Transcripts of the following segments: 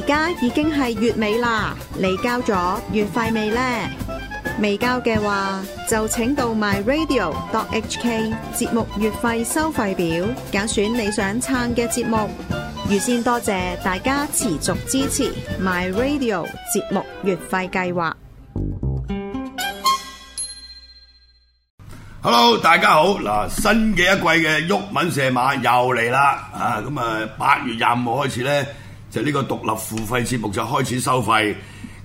而家已經係月尾啦，你交咗月費未呢？未交嘅話，就請到 myradio.hk 節目月費收費表，揀選你想撐嘅節目。預先多謝大家持續支持 myradio 節目月費計劃。Hello，大家好，嗱新嘅一季嘅毓民射馬又嚟啦啊！咁啊，八月廿五號開始咧。就呢個獨立付費節目就開始收費，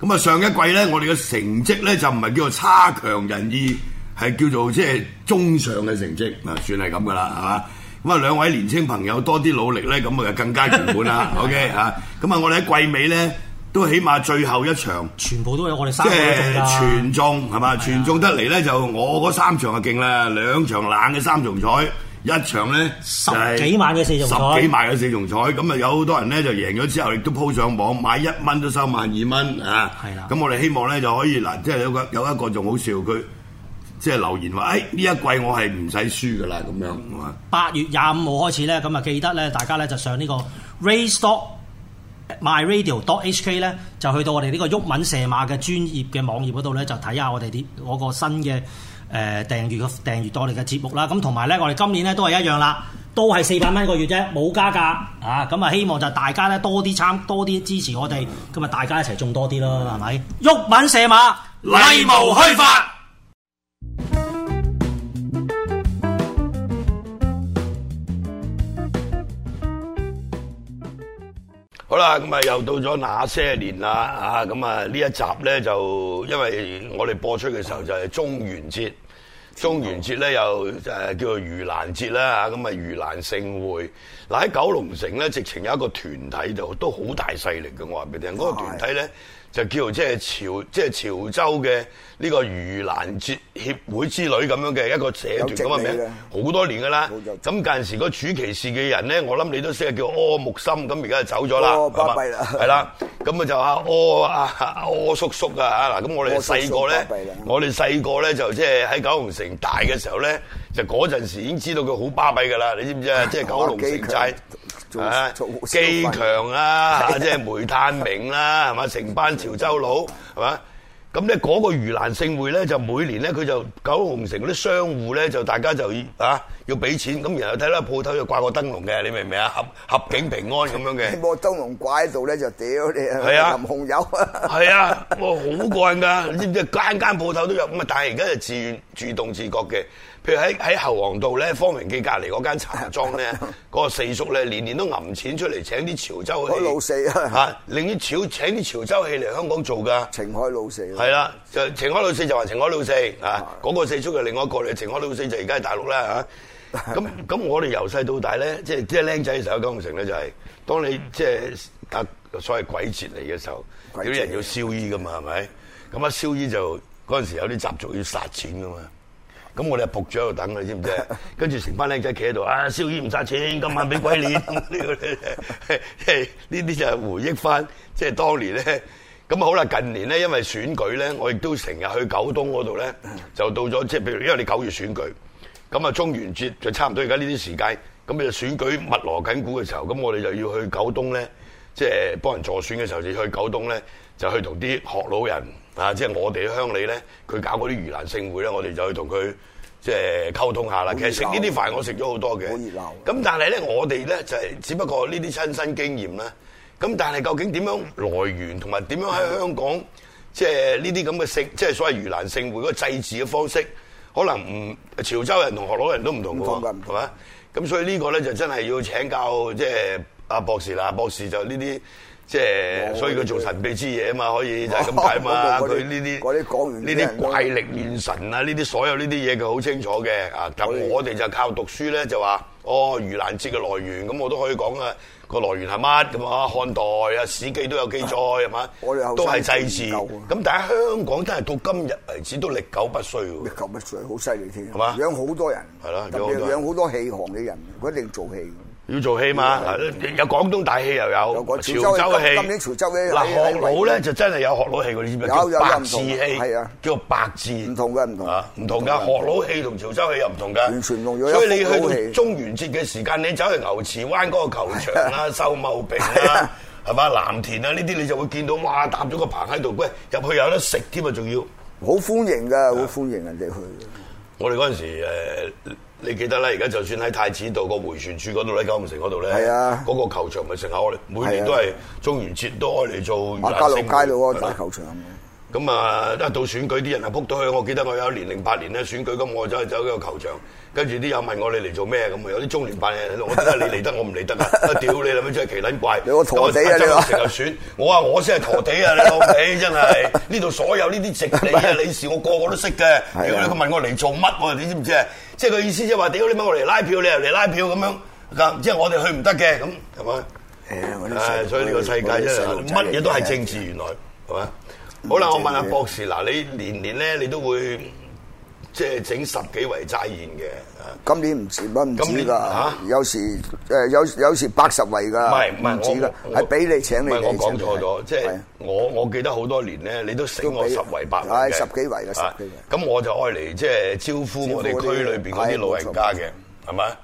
咁啊上一季呢，我哋嘅成績呢，就唔係叫做差強人意，係叫做即係中上嘅成績啊，算係咁噶啦，係嘛？咁啊兩位年青朋友多啲努力呢，咁啊更加圓滿啦。 OK 嚇、啊，咁啊我哋喺季尾呢，都起碼最後一場，全部都有我哋三場全中係嘛？是啊、全中得嚟呢，就我嗰三場就勁啦，兩場冷嘅三場彩。 一場咧十幾萬嘅四重彩，十幾萬嘅四重彩，咁啊、嗯、有好多人咧就贏咗之後，亦都鋪上網買一蚊都收萬二蚊啊！係啦，咁我哋希望咧就可以嗱，即係有個有一個仲好笑，佢即係留言話，誒呢、哎、一季我係唔使輸噶啦咁樣八、啊、月廿五號開始咧，咁啊記得咧，大家咧就上個 my 呢個 raystockmyradio.hk 咧，就去到我哋呢個毓民射馬嘅專業嘅網頁嗰度咧，就睇下我哋啲我個新嘅。誒訂閱嘅訂閱我哋嘅節目啦，咁同埋咧，我哋今年咧都係一樣啦，都係四百蚊一個月啫，冇加價啊！咁啊，希望就大家咧多啲參多啲支持我哋，咁啊，大家一齊種多啲咯，係咪、嗯？吧毓民射馬，例無虛發。好啦，咁啊，又到咗那些年啦。啊，咁啊，呢一集咧就因為我哋播出嘅時候就係中元節。天中元節咧又誒叫做盂蘭節啦，咁啊，盂蘭勝會。嗱，喺九龍城咧，直情有一個團體度都好大勢力嘅，我話俾你聽，嗰、嗰個團體咧。就叫即係潮即係潮州嘅呢個盂蘭節協會之類，咁樣嘅一個社團咁嘅名，好多年噶啦。咁嗰陣時個主其事嘅人咧，我諗你都識，叫柯木森。咁而家就走咗啦。柯巴閉啦。係啦，咁啊就阿柯啊柯叔叔啊嚇嗱。咁我哋細個咧，我哋細個咧就即係喺九龍城大嘅時候咧，就嗰陣時已經知道佢好巴閉噶啦。你知唔知啊？即係九龍城寨。啊！機強啦，即係煤炭明啦，係嘛？成的班潮州佬，係嘛？咁咧嗰個盂蘭勝會咧，就每年咧佢就九龍城嗰啲商戶咧，就大家就啊要俾錢，咁然後睇啦鋪頭就掛個燈籠嘅，你明唔明啊？合合景平安咁 樣嘅。啲個燈籠掛喺度咧，就屌你係啊！紅油啊！係 啊！哇好過癮㗎，你知唔知間間鋪頭都有咁啊？但係而家就自願主動自覺嘅。譬如喺喺侯王道咧，方明記隔離嗰間茶莊咧，嗰 個四叔咧年年都揜錢出嚟請啲潮州戲，情海老四啊，嚇，令啲潮請啲潮州戲嚟香港做噶。情海老四,四，係啦，就情海老四就話情海老四啊，嗰個四叔係另外一個嚟，情海老四就而家喺大陸啦嚇。咁咁 我哋由細到大咧，即係即係僆仔嘅時候喺九龍城咧，就係當你即係得所謂鬼節嚟嘅時候，啲人要燒衣噶嘛，係咪？咁、那、一、個、燒衣就嗰陣時有啲習俗要殺錢噶嘛。咁我哋係仆住喺度等你，知唔知？跟住成班靚仔企喺度，啊燒衣唔使錢，今晚俾鬼你！呢啲 就係回憶翻，即係當年咧。咁好啦，近年咧，因為選舉咧，我亦都成日去九東嗰度咧，就到咗即係譬如，因為你九月選舉，咁啊中元節就差唔多而家呢啲時間，咁你就選舉密鑼緊鼓嘅時候，咁我哋就要去九東咧，即係幫人助選嘅時候，就要去九東咧。就去同啲學佬人啊，即係我哋鄉里咧，佢搞嗰啲盂蘭勝會咧，我哋就去同佢即係溝通下啦。而其實食呢啲飯，我食咗好多嘅。好熱鬧。咁但係咧，我哋咧就係只不過呢啲親身經驗咧。咁但係究竟點樣來源同埋點樣喺香港對 即係呢啲咁嘅勝，即係所謂盂蘭勝會嗰個祭祀嘅方式，可能唔潮州人同學佬人都唔同㗎，係嘛？咁所以呢個咧就真係要請教即係阿博士啦。博士就呢啲。即係，所以佢做神秘之嘢啊嘛，可以就係咁解嘛。佢呢啲呢啲怪力亂神啊，呢啲所有呢啲嘢佢好清楚嘅。啊，咁我哋就靠讀書咧，就話哦盂蘭節嘅來源，咁我都可以講啊個來源係乜咁啊？漢代啊，《史記》都有記載係嘛？我哋都係祭祀。咁但係香港真係到今日為止都歷久不衰喎。歷久不衰，好犀利添。係嘛？養好多人。係啦，好多。養好多戲行嘅人，佢一定做戲。要做戲嘛？有廣東大戲又有潮州戲。潮州嗱學佬咧就真係有學佬戲，你知唔知？白字戲，係啊，叫做白字。唔同噶，唔同啊，唔同噶。學佬戲同潮州戲又唔同噶。所以你去中元節嘅時間，你走去牛池灣嗰個球場啦、秀茂坪啦、係嘛藍田啊呢啲，你就會見到哇，搭咗個棚喺度，喂入去有得食添啊，仲要。好歡迎噶，好歡迎人哋去。我哋嗰陣時誒你記得啦，而家就算喺太子道個回旋處嗰度，喺九龍城嗰度咧，嗰個球場咪成日開，每年都係中元節都開嚟做。我街路街路球場。咁啊，一到選舉啲人啊，撲到去。我記得我有一年零八年咧選舉，咁我走去走呢個球場，跟住啲友問我你嚟做咩咁？有啲中聯辦嘢，我真係你嚟得我唔嚟得啊！屌你諗咪真係奇卵怪，我陀地啊！成日選，我話我先係陀地啊！你講，唉真係呢度所有呢啲直理啊理事，我個個都識嘅。如果你，佢問我嚟做乜？我你知唔知即係佢意思，即係話屌你乜我嚟拉票，你又嚟拉票咁樣，即係我哋去唔得嘅，咁係嘛？係，所以呢個世界真係乜嘢都係政治，原來係嘛？ 好啦，我問下博士，嗱， 你年年咧，你都會。即係整十幾圍齋宴嘅，今年唔止，乜唔止㗎？有時誒有有時八十圍㗎，唔係唔止㗎，係俾你請你。我講錯咗，即係我我記得好多年咧，你都成個十圍八圍嘅。係十幾圍啦，咁我就愛嚟即係招呼我哋區裏邊嗰啲老人家嘅，係咪？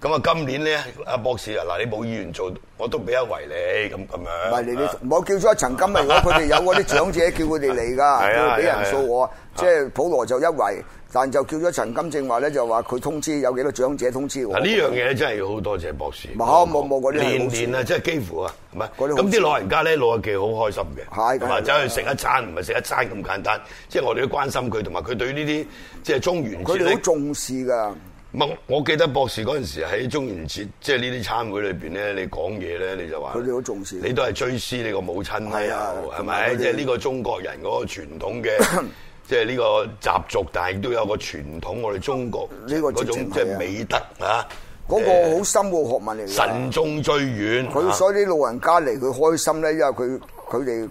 咁啊，今年咧，阿博士啊，嗱你冇議員做，我都俾一圍你咁咁樣。唔係你你，我叫咗一層，今日如果佢哋有嗰啲長者叫佢哋嚟㗎，佢俾人數我，即係普羅就一圍。但就叫咗陳金正話咧，就話佢通知有幾多長者通知我。呢樣嘢真係要好多謝博士。唔冇冇啲。年年啊，真係幾乎啊，唔係。咁啲老人家咧，老友記好開心嘅。係。咁啊，走去食一餐，唔係食一餐咁簡單。即係我哋都關心佢，同埋佢對呢啲即係中元。佢哋好重視㗎。唔，我記得博士嗰陣時喺中元節，即係呢啲餐會裏邊咧，你講嘢咧，你就話。佢哋好重視。你都係追思你個母親啦，啊，係咪？即係呢個中國人嗰個傳統嘅。即係呢個習俗，但係都有個傳統。我哋中國嗰種即係美德啊，嗰個好深嘅學問嚟。呃、慎終追遠，佢所以啲老人家嚟佢開心咧，因為佢佢哋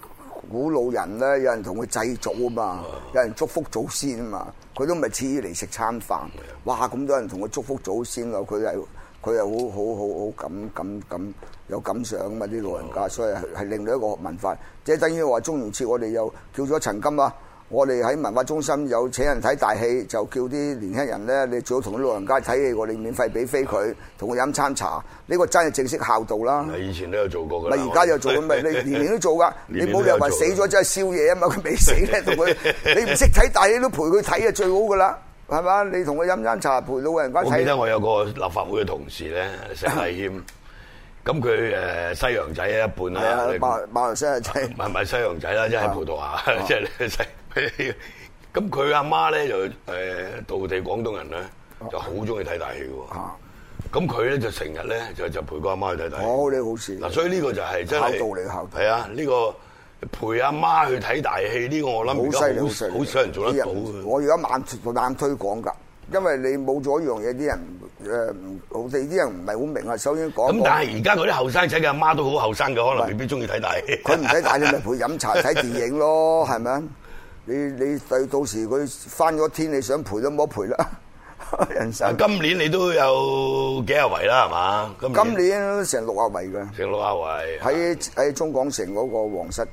古老人咧，有人同佢祭祖啊嘛，嗯、有人祝福祖先啊嘛，佢都咪次於嚟食餐飯。嗯、哇！咁多人同佢祝福祖先啊，佢係佢係好好好好咁咁咁有感想啊！啲老人家，所以係係另外一個學文化，即係等於話中元節，我哋又叫咗陳金啊。我哋喺文化中心有請人睇大戲，就叫啲年輕人咧，你最好同啲老人家睇戲，我哋免費俾飛佢，同佢飲餐茶。呢個真係正式孝道啦！以前都有做過噶，咪而家又做咩？你年年都做噶。你冇理由話死咗真係少爺啊嘛，佢未死咧，同佢你唔識睇大戲，你都陪佢睇啊，最好噶啦，係嘛？你同佢飲餐茶，陪老人家睇。我記得我有個立法會嘅同事咧，石禮謙，咁佢誒西洋仔一半啊，馬馬來西亞仔，唔係唔係西洋仔啦，即係葡萄牙，即係咁佢阿媽咧就誒，道地廣東人咧，就好中意睇大戲嘅喎。咁佢咧就成日咧就就陪個阿媽，媽去睇大戲。哦，你好事。嗱，所以呢個就係真係孝道嚟嘅係啊，呢、呢個陪阿媽，媽去睇大戲呢、呢個我，我諗好犀利，好少人做得嘅。我而家猛猛推廣㗎，因為你冇咗一樣嘢，啲人誒老啲啲人唔係好明啊。首先講。咁但係而家嗰啲後生仔嘅阿媽都好後生嘅，是可能未必中意睇大戲。佢唔使帶你咪陪飲茶睇電影咯，係咪啊？你你到到時佢翻嗰天，你想賠都冇得賠啦！人生。今年你都有幾廿圍啦，係嘛？今年成六廿圍嘅，成六廿圍喺喺中港城嗰個皇室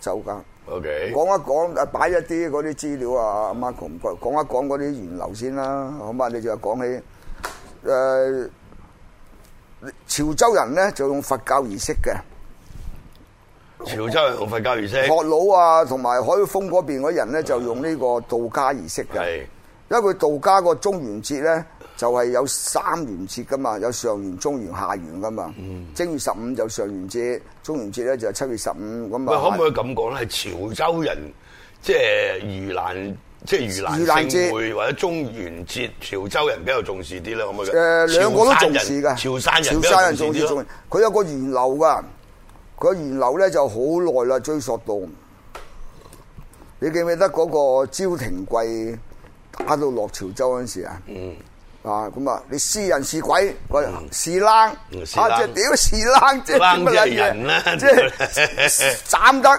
酒家。哦、OK 講講。講一講啊，擺一啲嗰啲資料啊，阿媽講講一講嗰啲源流先啦。好嘛，你就講起誒、呃、潮州人咧，就用佛教儀式嘅。潮州人好佛教儀式，學佬啊，同埋海豐嗰邊嗰人咧就用呢個道家儀式嘅。係，因為佢道家個中元節咧就係有三元節噶嘛，有上元、中元、下元噶嘛。嗯，正月十五就上元節，中元節咧就係七月十五咁啊。可唔可以咁講咧？係潮州人即係盂蘭，即係盂蘭勝會或者中元節，潮州人比較重視啲咧。可唔可以？誒，兩個都重視嘅。潮汕人，潮汕人重視重，佢有個源流噶。個源流咧就好耐啦，追溯到你記唔記得嗰個招廷貴打到落潮州嗰陣時啊？嗯啊，咁啊，你是人是鬼，人是冷，啊即係屌是冷，即係點乜嘢人？即係斬得，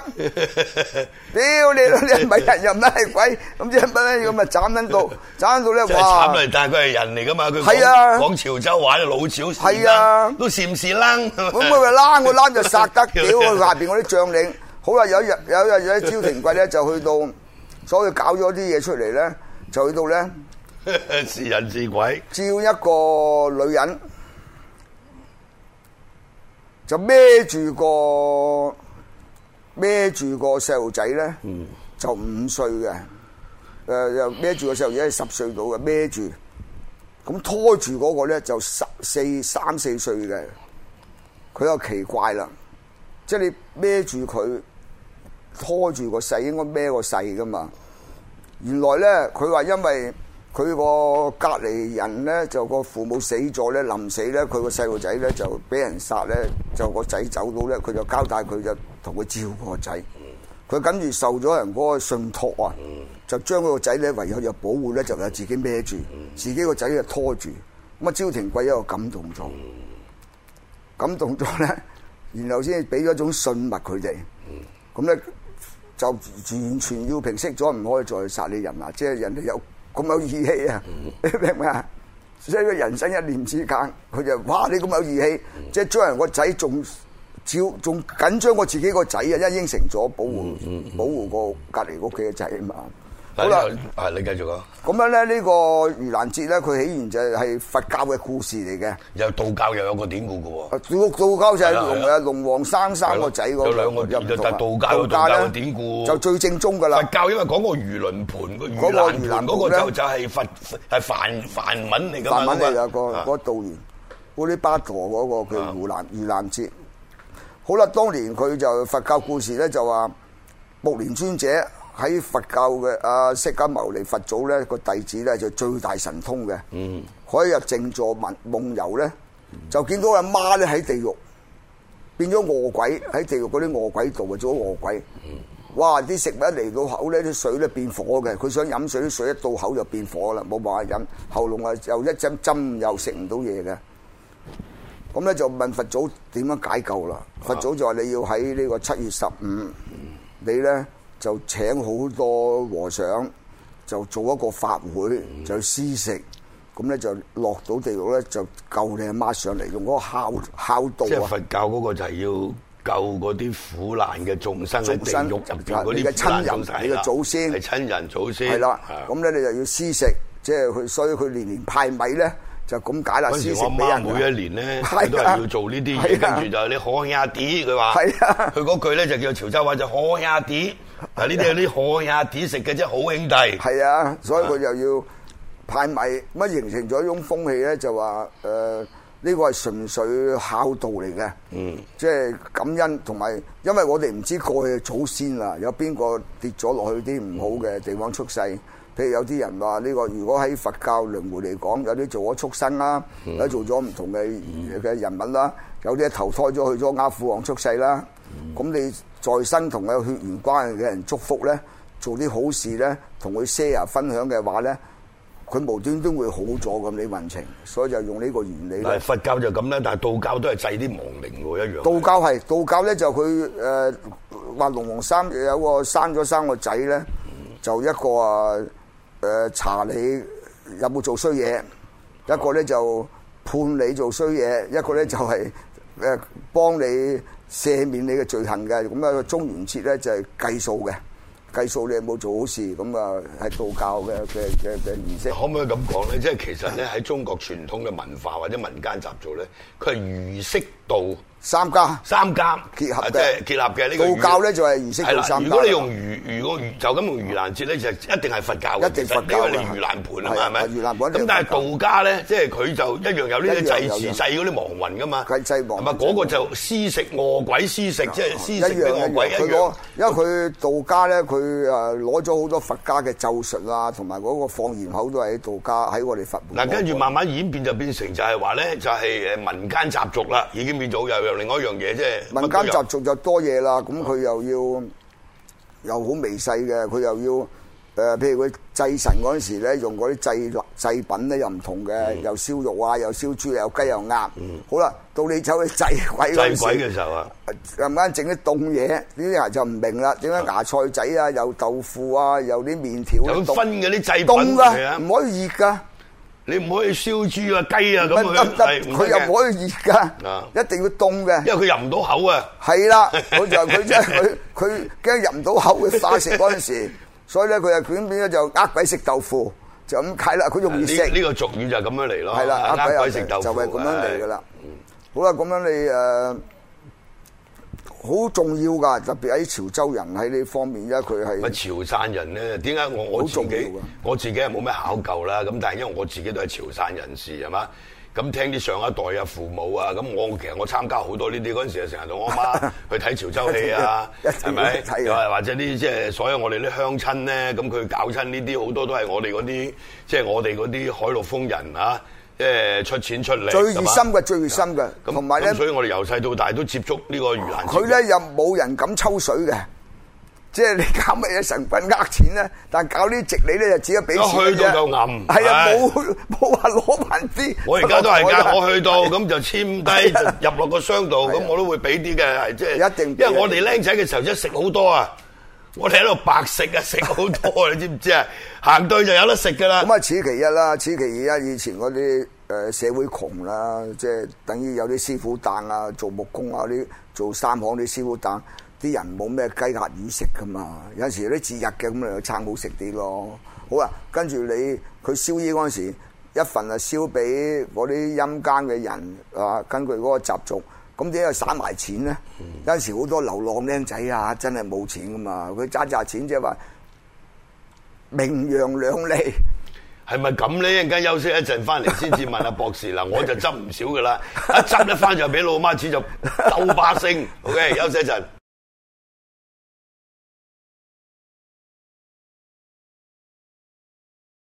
屌你你係咪人又唔係鬼，咁即係乜嘢咁咪斬到斬到咧哇！真係慘啦，但係佢係人嚟噶嘛？佢講講潮州話老潮，係啊，都善是冷。咁佢話冷，我冷就殺得屌佢下邊嗰啲將領。好啦，有一日有一有一朝平貴咧就去到，所以搞咗啲嘢出嚟咧，就去到咧。 是人是鬼，照一個女人就孭住個孭住個細路仔咧，嗯、就五歲嘅，誒又孭住個細路仔係十歲到嘅孭住，咁拖住嗰個咧就十四三四歲嘅，佢又奇怪啦，即係你孭住佢拖住個細應該孭個細噶嘛，原來咧佢話因為。佢個隔離人咧，就個父母死咗咧，臨死咧，佢個細路仔咧就俾人殺咧，就個仔走佬咧，佢就交代佢就同佢照顧個仔。佢跟住受咗人嗰個信託啊，就將佢個仔咧唯有有保護咧，就由自己孭住，自己個仔就拖住。咁啊，焦廷貴一個感動咗，感動咗咧，然後先俾咗一種信物佢哋。咁咧就完全要平息咗，唔可以再去殺你人啦。即係人哋有。咁有義氣啊！你明唔明啊？即、就、係、是、人生一念之間，佢就哇你咁有義氣，嗯、即係將人個仔仲少仲緊張，過自己個仔啊，因為應承咗保護、嗯嗯嗯、保護個隔離屋企嘅仔啊嘛～好啦，係你繼續講。咁、嗯、樣咧，呢個盂蘭節咧，佢起源就係佛教嘅故事嚟嘅。又道教又有一個典故嘅喎。道教就係龍啊，龍王生三個仔嗰個。兩個。就就係道教嘅道教嘅典故，就最正宗噶啦。佛教因為講個盂蘭盆，盂蘭，嗰個盂蘭，嗰個就就係佛係梵梵文嚟嘅。嘛。梵文就有個個道員，嗰啲巴陀嗰、那個叫盂蘭盂蘭節。好啦，當年佢就佛教故事咧，就話目連尊者。喺佛教嘅阿釋迦牟尼佛祖咧個弟子咧就最大神通嘅，可以入靜坐夢夢遊咧，就見到阿媽咧喺地獄變咗餓鬼，喺地獄嗰啲餓鬼度啊做餓鬼，哇！啲食物一嚟到口咧，啲水咧變火嘅，佢想飲水，啲水一到口就變火啦，冇辦法飲，喉嚨啊又一針針，又食唔到嘢嘅，咁咧就問佛祖點樣解救啦？佛祖就話你要喺呢個七月十五，你咧。就請好多和尚，就做一個法會，就施食。咁咧就落到地獄咧，就救你阿媽上嚟，用嗰個孝孝道，即係佛教嗰個就係要救嗰啲苦難嘅眾生嘅地獄入邊嗰啲親人，你嘅祖先係親人祖先。係啦，咁咧你就要施食，即係佢，所以佢年年派米咧就咁解啦。施食俾人。媽每一年咧都係要做呢啲嘢，跟住就你可亞啲，佢話佢嗰句咧就叫潮州話就可亞啲。嗱，呢啲有啲海也點食嘅啫，好兄弟。係啊，所以佢又要派米，乜形成咗一種風氣咧？就話誒，呢個係純粹孝道嚟嘅。嗯。即係感恩同埋，因為我哋唔知過去嘅祖先啊，有邊個跌咗落去啲唔好嘅地方出世。譬如有啲人話呢個，如果喺佛教輪回嚟講，有啲做咗畜生啦，有做咗唔同嘅嘅人物啦，有啲投胎咗去咗鴉父王出世啦。咁你？在身同佢有血緣關係嘅人祝福咧，做啲好事咧，同佢 share 分享嘅話咧，佢無端端會好咗咁。你運程，所以就用呢個原理。但佛教就咁啦，但係道教都係祭啲亡靈喎，一樣道。道教係道教咧，就佢誒話龍王生有個生咗三個仔咧，就一個啊誒查你有冇做衰嘢，的一個咧就判你做衰嘢，的一個咧就係誒幫你。赦免你嘅罪行嘅，咁啊個中元節咧就係計數嘅，計數你有冇做好事，咁啊係道教嘅嘅嘅嘅儀式。可唔可以咁講咧？即係其實咧喺中國傳統嘅文化或者民間習俗咧，佢係儒釋道。三家，三家結合即係，結合嘅呢個道教咧就係儒釋道三家。如果你用盂，如果就咁用盂蘭節咧，就一定係佛教，一定佛教，因為你盂蘭盆啊嘛，係咪？咁但係道家咧，即係佢就一樣有呢啲祭祀，祭嗰啲亡魂噶嘛。祭祭亡，係咪嗰個就餓鬼施食，即係施食一樣一因為佢道家咧，佢誒攞咗好多佛家嘅咒術啊，同埋嗰個放言口都係道家喺我哋佛門。嗱，跟住慢慢演變就變成就係話咧，就係誒民間習俗啦，已經變咗有，另外一樣嘢啫，民間習俗就多嘢啦。咁佢、嗯、又要、嗯、又好微細嘅，佢又要誒、呃，譬如佢祭神嗰陣時咧，用嗰啲祭祭品咧又唔同嘅，嗯、又燒肉啊，又燒豬，又雞，又鴨。嗯、好啦，到你走去祭鬼嗰時，祭鬼嘅時候啊，陣間整啲凍嘢，呢啲人就唔明啦。點解芽菜仔啊，又豆腐啊，又啲麵條喺度分啲祭品啦，唔可以熱㗎。啊你唔可以燒豬啊、雞啊，咁佢係，佢又唔可以熱噶，一定要凍嘅，因為佢入唔到口啊。係啦，佢就佢即係佢，佢驚入唔到口，佢打食嗰陣時，所以咧佢啊，佢咁樣就呃鬼食豆腐，就咁解啦。佢容易食，呢個俗語就係咁樣嚟咯。係啦，呃鬼食豆腐就係咁樣嚟噶啦。好啦，咁樣你誒。好重要噶，特別喺潮州人喺呢方面咧，佢係。咪潮汕人咧？點解我我自己我自己係冇咩考究啦。咁、嗯、但係因為我自己都係潮汕人士係嘛？咁聽啲上一代啊、父母啊，咁我其實我參加好多呢啲嗰陣時，成日同我媽去睇潮州戲啊，係咪？又或者啲即係所有我哋啲鄉親咧，咁佢搞親呢啲好多都係我哋嗰啲即係我哋嗰啲海陸豐人啊。誒，出錢出力，最熱心嘅最熱心嘅，同埋咧，咁所以我哋由細到大都接觸呢個盂蘭。佢咧又冇人敢抽水嘅，即係你搞乜嘢成分呃錢咧？但係搞呢直理咧，就只係俾錢嘅去到就暗，係啊，冇冇話攞銀紙。我而家都係，而家我去到咁就簽低入落個箱度，咁我都會俾啲嘅，係即係，一定因為我哋僆仔嘅時候一食好多啊。我哋喺度白食啊，食好多，你知唔知啊？ 行到就有得食噶啦。咁啊，此其一啦，此其二啦。以前嗰啲誒社會窮啦，即係等於有啲師傅旦啊，做木工啊啲，做三行啲師傅旦，啲人冇咩雞鴨魚食噶嘛。有時啲節日嘅咁嚟撐好食啲咯。好啦，啊，跟住你佢燒衣嗰陣時，一份啊燒俾嗰啲陰間嘅人啊，根據嗰個習俗。咁點解散埋錢咧？嗯、有陣時好多流浪僆仔啊，真係冇錢噶嘛，佢揸揸錢即係話名揚兩利，係咪咁咧？一陣間休息一陣翻嚟先至問阿博士啦， 我就執唔少噶啦，一執一翻就俾老媽子就鬥把聲，OK，休息一陣。